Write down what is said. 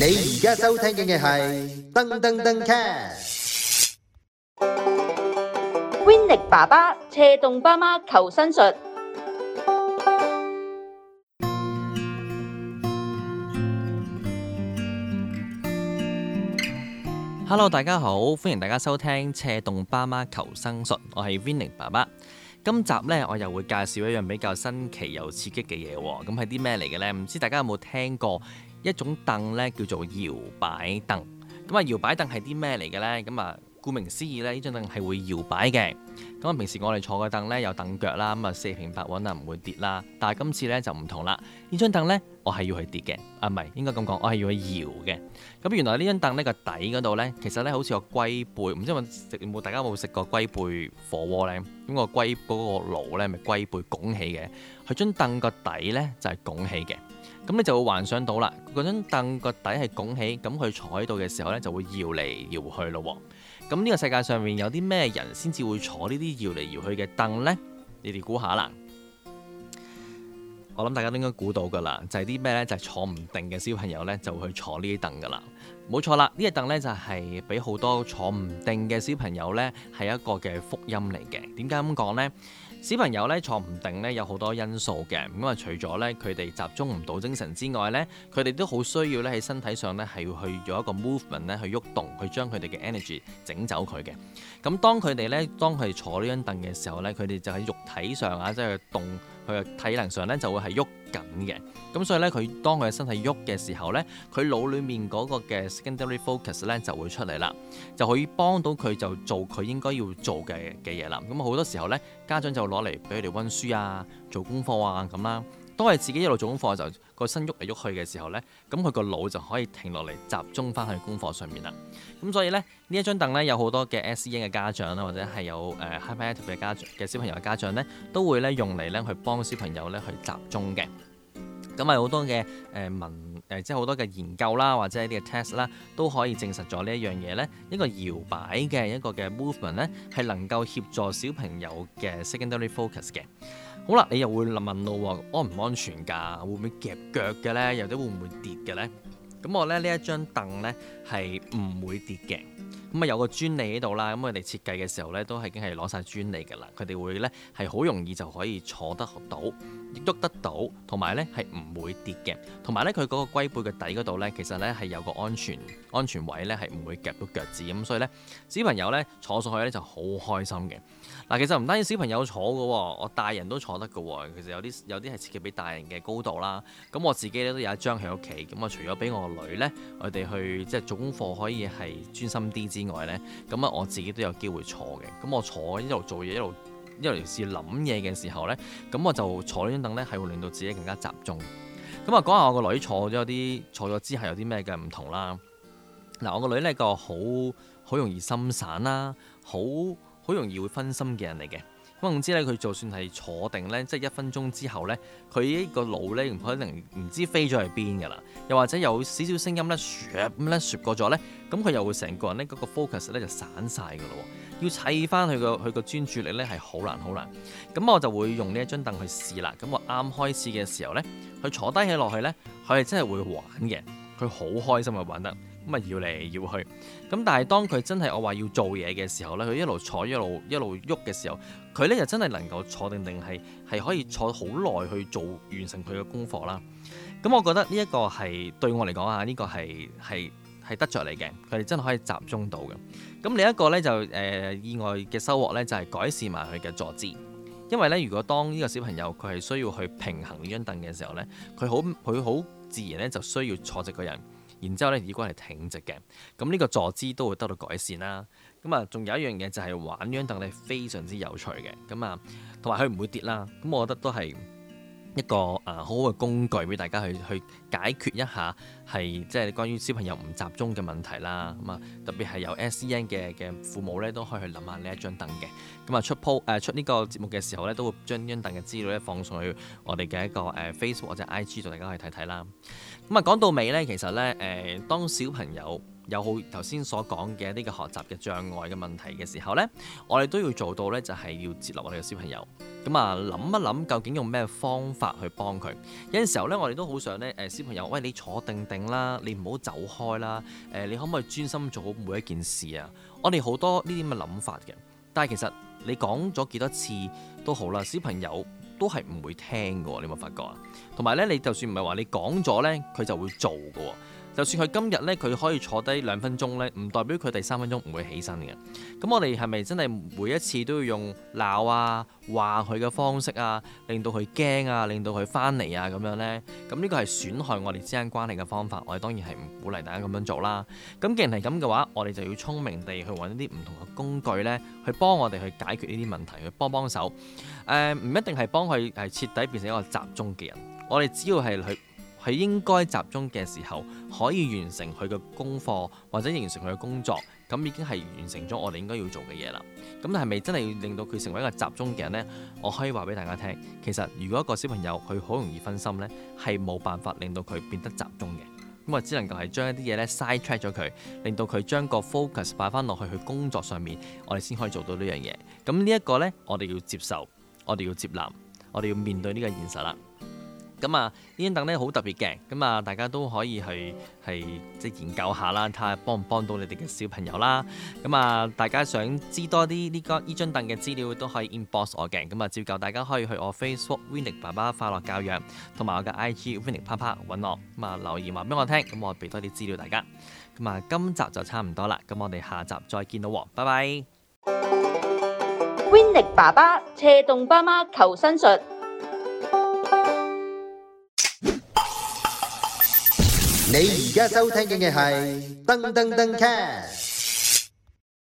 你而家收聽嘅係噔噔噔 cast，Vinny 爸爸斜洞爸媽求生術。Hello，大家好，歡迎大家收聽斜洞爸媽求生術。我係 Vinny 爸爸，今集呢，我又會介紹一樣比較新奇又刺激嘅嘢。咁係啲咩嚟嘅呢？唔知大家有冇聽過？一種凳咧叫做搖擺凳，咁啊搖擺凳係啲咩嚟嘅咧？咁啊，顧名思義咧，呢張凳係會搖擺嘅。咁啊，平時我哋坐嘅凳咧有凳腳啦，咁啊四平八穩啊，唔會跌啦。但係今次咧就唔同啦，呢張凳咧我係要去跌嘅，啊唔係應該咁講，我係要去搖嘅。咁原來呢張凳呢個底嗰度咧，其實咧好似個龜背，唔知有冇大家有冇食過龜背火鍋咧？咁個龜嗰個爐咧咪龜背拱起嘅，佢張凳個底咧就係拱起嘅。咁你就會幻想到啦，嗰張凳個底係拱起，咁佢坐喺度嘅時候呢就會搖嚟搖去咯。咁呢個世界上面有啲咩人先至會坐呢啲搖嚟搖去嘅凳呢？你哋估下啦。我諗大家都應該估到㗎啦，就係啲咩呢？就係坐唔定嘅小朋友呢就會去坐呢啲凳㗎啦。冇錯啦，呢隻凳呢就係俾好多坐唔定嘅小朋友呢係一個嘅福音嚟嘅。點解咁講呢？小朋友咧坐唔定咧有好多因素嘅，咁啊除咗咧佢哋集中唔到精神之外咧，佢哋都好需要咧喺身體上咧係要去做一個 movement 咧去喐動，去將佢哋嘅 energy 整走佢嘅。咁當佢哋咧，當佢哋坐呢張凳嘅時候咧，佢哋就喺肉體上啊，即係動。佢嘅體能上咧就會係喐緊嘅，咁所以咧佢當佢嘅身體喐嘅時候咧，佢腦裏面嗰個嘅 secondary focus 咧就會出嚟啦，就可以幫到佢就做佢應該要做嘅嘅嘢啦。咁好多時候咧，家長就攞嚟俾佢哋温書啊、做功課啊咁啦。都係自己一路做功課，就個身喐嚟喐去嘅時候呢，咁佢個腦就可以停落嚟集中翻去功課上面啦。咁所以呢，呢一張凳呢，有好多嘅 SEN 嘅家長啦，或者係有誒、呃、Hyperactive 嘅家長嘅小朋友嘅家長呢都會呢用嚟呢去幫小朋友呢去集中嘅。咁係好多嘅誒、呃、文誒、呃，即係好多嘅研究啦，或者一啲 test 啦，都可以證實咗呢一樣嘢，呢一個搖擺嘅一個嘅 movement 呢，係能夠協助小朋友嘅 secondary focus 嘅。好啦，你又會問到話安唔安全㗎？會唔會夾腳嘅咧？又或者會唔會跌嘅咧？咁我咧呢一張凳呢，係唔會跌嘅，咁、嗯、啊有個專利喺度啦，咁我哋設計嘅時候呢，都已經係攞晒專利㗎啦，佢哋會呢，係好容易就可以坐得到，亦郁得到，同埋呢，係唔會跌嘅，同埋呢，佢嗰個龜背嘅底嗰度呢，其實呢，係有個安全安全位呢，係唔會夾到腳趾，咁所以呢，小朋友呢，坐上去呢就好開心嘅。嗱，其實唔單止小朋友坐㗎喎，我大人都坐得㗎喎，其實有啲有啲係設計俾大人嘅高度啦。咁我自己呢，都有一張喺屋企，咁啊除咗俾我女呢，我哋去即係做功課可以係專心啲之外呢，咁啊我自己都有機會坐嘅。咁我坐一路做嘢，一路一路試諗嘢嘅時候呢，咁我就坐呢張凳呢係會令到自己更加集中。咁啊講下我個女坐咗啲，坐咗之後有啲咩嘅唔同啦。嗱，我個女呢個好好容易心散啦，好好容易會分心嘅人嚟嘅。咁我知呢，佢就算係坐定呢，即係一分鐘之後呢，佢呢個腦呢，唔可能唔知飛咗去邊噶啦。又或者有少少聲音呢，唰咁呢，唰過咗呢，咁佢又會成個人呢，嗰個 focus 呢就散曬噶啦。要砌翻佢個佢個專注力呢，係好難好難。咁我就會用呢一張凳去試啦。咁我啱開始嘅時候呢，佢坐低起落去呢，佢係真係會玩嘅，佢好開心啊，玩得。咁啊，搖嚟搖去。咁但係當佢真係我話要做嘢嘅時候呢，佢一路坐一路一路喐嘅時候，佢呢就真係能夠坐定定，係係可以坐好耐去做完成佢嘅功課啦。咁、嗯、我覺得呢一個係對我嚟講啊，呢個係係係得着嚟嘅，佢哋真係可以集中到嘅。咁、嗯、另一個呢，就誒、呃、意外嘅收穫呢，就係、是、改善埋佢嘅坐姿，因為呢，如果當呢個小朋友佢係需要去平衡呢張凳嘅時候呢，佢好佢好自然呢就需要坐直個人。然之後咧，耳關係挺直嘅，咁、這、呢個坐姿都會得到改善啦。咁啊，仲有一樣嘢就係玩呢張凳咧，非常之有趣嘅。咁啊，同埋佢唔會跌啦。咁我覺得都係。一個誒、呃、好好嘅工具俾大家去去解決一下，係即係關於小朋友唔集中嘅問題啦。咁、嗯、啊，特別係有 SEN 嘅嘅父母咧，都可以去諗下呢一張凳嘅。咁、嗯、啊，出鋪誒、呃、出呢個節目嘅時候咧，都會將呢張凳嘅資料咧放上去我哋嘅一個誒、呃、Facebook 或者 IG，同大家去睇睇啦。咁、嗯、啊，講到尾咧，其實咧誒、呃，當小朋友有好頭先所講嘅呢個嘅學習嘅障礙嘅問題嘅時候呢，我哋都要做到呢，就係要接納我哋嘅小朋友。咁啊，諗一諗究竟用咩方法去幫佢？有陣時候呢，我哋都好想呢，誒小朋友，喂，你坐定定啦，你唔好走開啦，誒、呃、你可唔可以專心做好每一件事啊？我哋好多呢啲咁嘅諗法嘅，但係其實你講咗幾多次都好啦，小朋友都係唔會聽㗎，你有冇發覺啊？同埋呢，你就算唔係話你講咗呢，佢就會做㗎。就算佢今日咧，佢可以坐低兩分鐘咧，唔代表佢第三分鐘唔會起身嘅。咁我哋係咪真係每一次都要用鬧啊、話佢嘅方式啊，令到佢驚啊，令到佢返嚟啊咁樣呢？咁呢個係損害我哋之間關係嘅方法，我哋當然係唔鼓勵大家咁樣做啦。咁既然係咁嘅話，我哋就要聰明地去搵一啲唔同嘅工具呢，去幫我哋去解決呢啲問題，去幫幫手。誒、呃，唔一定係幫佢係徹底變成一個集中嘅人，我哋只要係去。佢應該集中嘅時候，可以完成佢嘅功課或者完成佢嘅工作，咁已經係完成咗我哋應該要做嘅嘢啦。咁係咪真係要令到佢成為一個集中嘅人呢？我可以話俾大家聽，其實如果一個小朋友佢好容易分心呢，係冇辦法令到佢變得集中嘅。咁我只能夠係將一啲嘢呢 side track 咗佢，令到佢將個 focus 擺翻落去去工作上面，我哋先可以做到呢樣嘢。咁呢一個呢，我哋要接受，我哋要接納，我哋要面對呢個現實啦。咁啊，呢張凳咧好特別嘅，咁啊，大家都可以去，係即研究下啦，睇下幫唔幫到你哋嘅小朋友啦。咁啊，大家想知多啲呢個呢張凳嘅資料，都可以 inbox 我嘅。咁啊，照舊，大家可以去我 Facebook Winnie 爸爸快樂教養，同埋我嘅 IG Winnie Papa 揾我，咁啊留言，話俾我聽，咁我俾多啲資料大家。咁啊，今集就差唔多啦，咁我哋下集再見到，拜拜。Winnie 爸爸斜動爸媽求生術。你而家收聽嘅係噔噔噔 cast。